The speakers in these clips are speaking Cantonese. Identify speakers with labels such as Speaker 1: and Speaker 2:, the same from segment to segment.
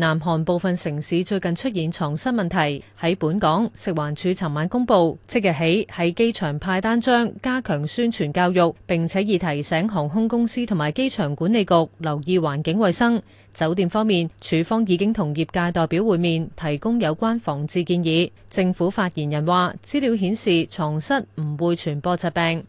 Speaker 1: 南韓部分城市最近出現床蝨問題。喺本港，食環署尋晚公布，即日起喺機場派單張加強宣傳教育，並且已提醒航空公司同埋機場管理局留意環境衛生。酒店方面，署方已經同業界代表會面，提供有關防治建議。政府發言人話：資料顯示床蝨唔會傳播疾病。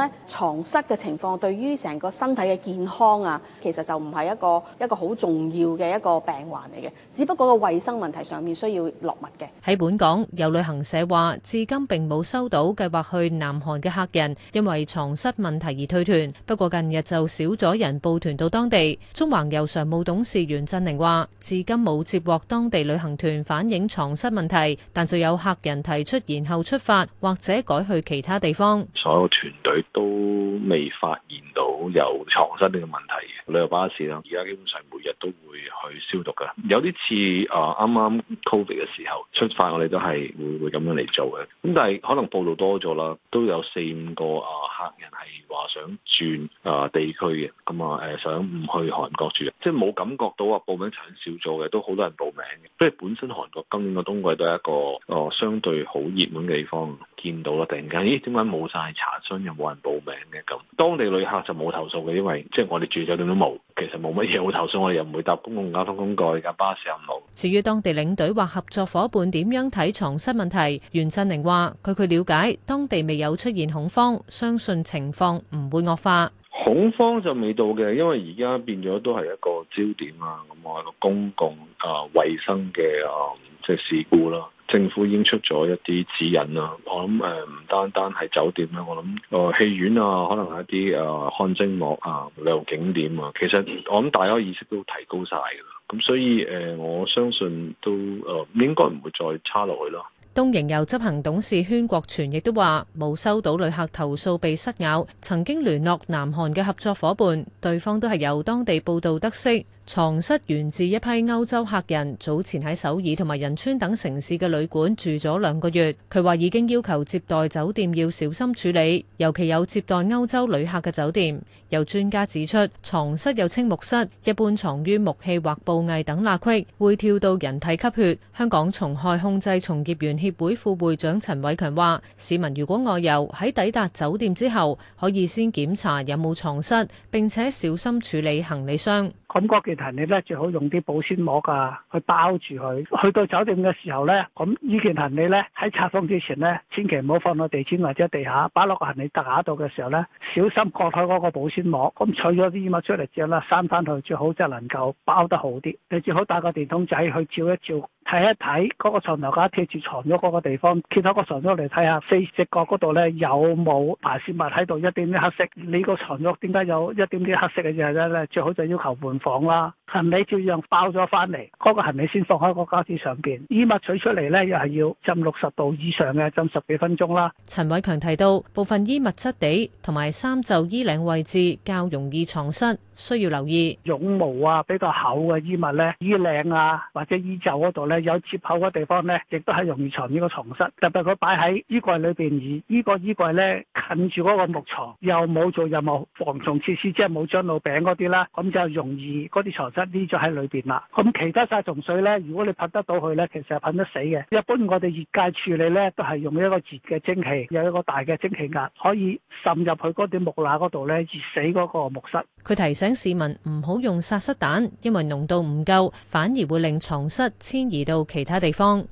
Speaker 1: 咧床蝨嘅情況對於成個身體嘅健康啊，其實就唔係一個一個好重要嘅一個病患嚟嘅。只不過個衞生問題上面需要落實嘅。喺本港有旅行社話，至今並冇收到計劃去南韓嘅客人因為床蝨問題而退團。不過近日就少咗人報團到當地。中環遊常務董事袁振寧話，至今冇接獲當地旅行團反映床蝨問題，但就有客人提出延後出發或者改去其他地方。
Speaker 2: 所有團隊都未發現到有床蝨呢個問題嘅旅遊巴士啦。而家基本上每日都會去消毒嘅。有啲似啊啱、呃、啱 COVID 嘅時候出發我，我哋都係會會咁樣嚟做嘅。咁但係可能報道多咗啦，都有四五個啊、呃、客人係話想轉啊、呃、地區嘅咁啊誒，想唔去韓國住嘅，即係冇感覺到話報名產少咗嘅，都好多人報名嘅。不過本身韓國今年個冬季都係一個個、呃、相對好熱門嘅地方，見到啦。突然間，咦？點解冇晒查詢又冇人？報名嘅咁，當地旅客就冇投訴嘅，因為即係我哋住酒店都冇，其實冇乜嘢好投訴，我哋又唔會搭公共交通工具，而家巴士又冇。
Speaker 1: 至於當地領隊或合作伙伴點樣睇床蝨問題，袁振寧話：據佢了解，當地未有出現恐慌，相信情況唔會惡化。恐慌
Speaker 2: 就未到嘅，因為而家變咗都係一個焦點啊，咁我係個公共啊衛生嘅啊即係事故咯。政府已經出咗一啲指引啦，我諗誒唔單單係酒店咧，我諗個、呃、戲院啊，可能一啲誒汗蒸幕啊，旅遊景點啊，其實我諗大家意識都提高晒嘅啦，咁所以誒、呃，我相信都誒、呃、應該唔會再差落去咯。
Speaker 1: 東瀛遊執行董事禤國全亦都話，冇收到旅客投訴被蝨咬，曾經聯絡南韓嘅合作伙伴，對方都係由當地報道得悉。床蝨源自一批歐洲客人，早前喺首爾同埋仁川等城市嘅旅館住咗兩個月。佢話已經要求接待酒店要小心處理，尤其有接待歐洲旅客嘅酒店。有專家指出，床蝨又稱木蝨，一般藏於木器或布藝等罅隙，會跳到人體吸血。香港蟲害控制從業員協會副會長陳偉強話，市民如果外遊喺抵達酒店之後，可以先檢查有冇床蝨，並且小心處理行李箱。咁嗰件行李咧，最好用啲保鮮膜啊，去
Speaker 3: 包住佢。去到酒店嘅時候咧，咁呢件行李咧喺拆封之前咧，千祈唔好放喺地氈或者地下。擺落個行李架度嘅時候咧，小心割開嗰個保鮮膜。咁取咗啲衣物出嚟之後咧，閂翻去最好就係能夠包得好啲。你最好帶個電筒仔去照一照。睇一睇嗰、那個床頭架貼住床褥嗰個地方，貼到個床褥嚟睇下四隻角嗰度咧，有冇排泄物喺度一啲啲黑色？你個床褥點解有一點啲黑色嘅嘢呢？最好就要求換房啦。行李照樣包咗翻嚟，嗰個行李先放喺個膠紙上邊。衣物取出嚟呢，又係要浸六十度以上嘅，浸十幾分鐘啦。
Speaker 1: 陳偉強提到，部分衣物質地同埋衫袖、衣領位置較容易藏蝨，需要留意。絨毛啊，比較厚嘅衣物呢，衣領啊或者
Speaker 3: 衣袖嗰度呢，有接口嘅地方呢，亦都係容易藏呢個藏蝨。特別佢擺喺衣櫃裏邊而呢個衣櫃呢，近住嗰個木床，又冇做任何防蟲設施，即係冇樟腦餅嗰啲啦，咁就容易嗰啲藏蝨。匿咗喺裏邊啦，咁其他殺蟲水咧，如果你噴得到佢咧，其實係噴得死嘅。一般我哋業界處理咧，都係用一個熱嘅蒸汽，有一個大嘅蒸汽壓，可以滲入去嗰啲木罅嗰度咧，熱死嗰個木蝨。
Speaker 1: 佢提醒市民唔好用殺虱彈，因為濃度唔夠，反而會令床蝨遷移到其他地方。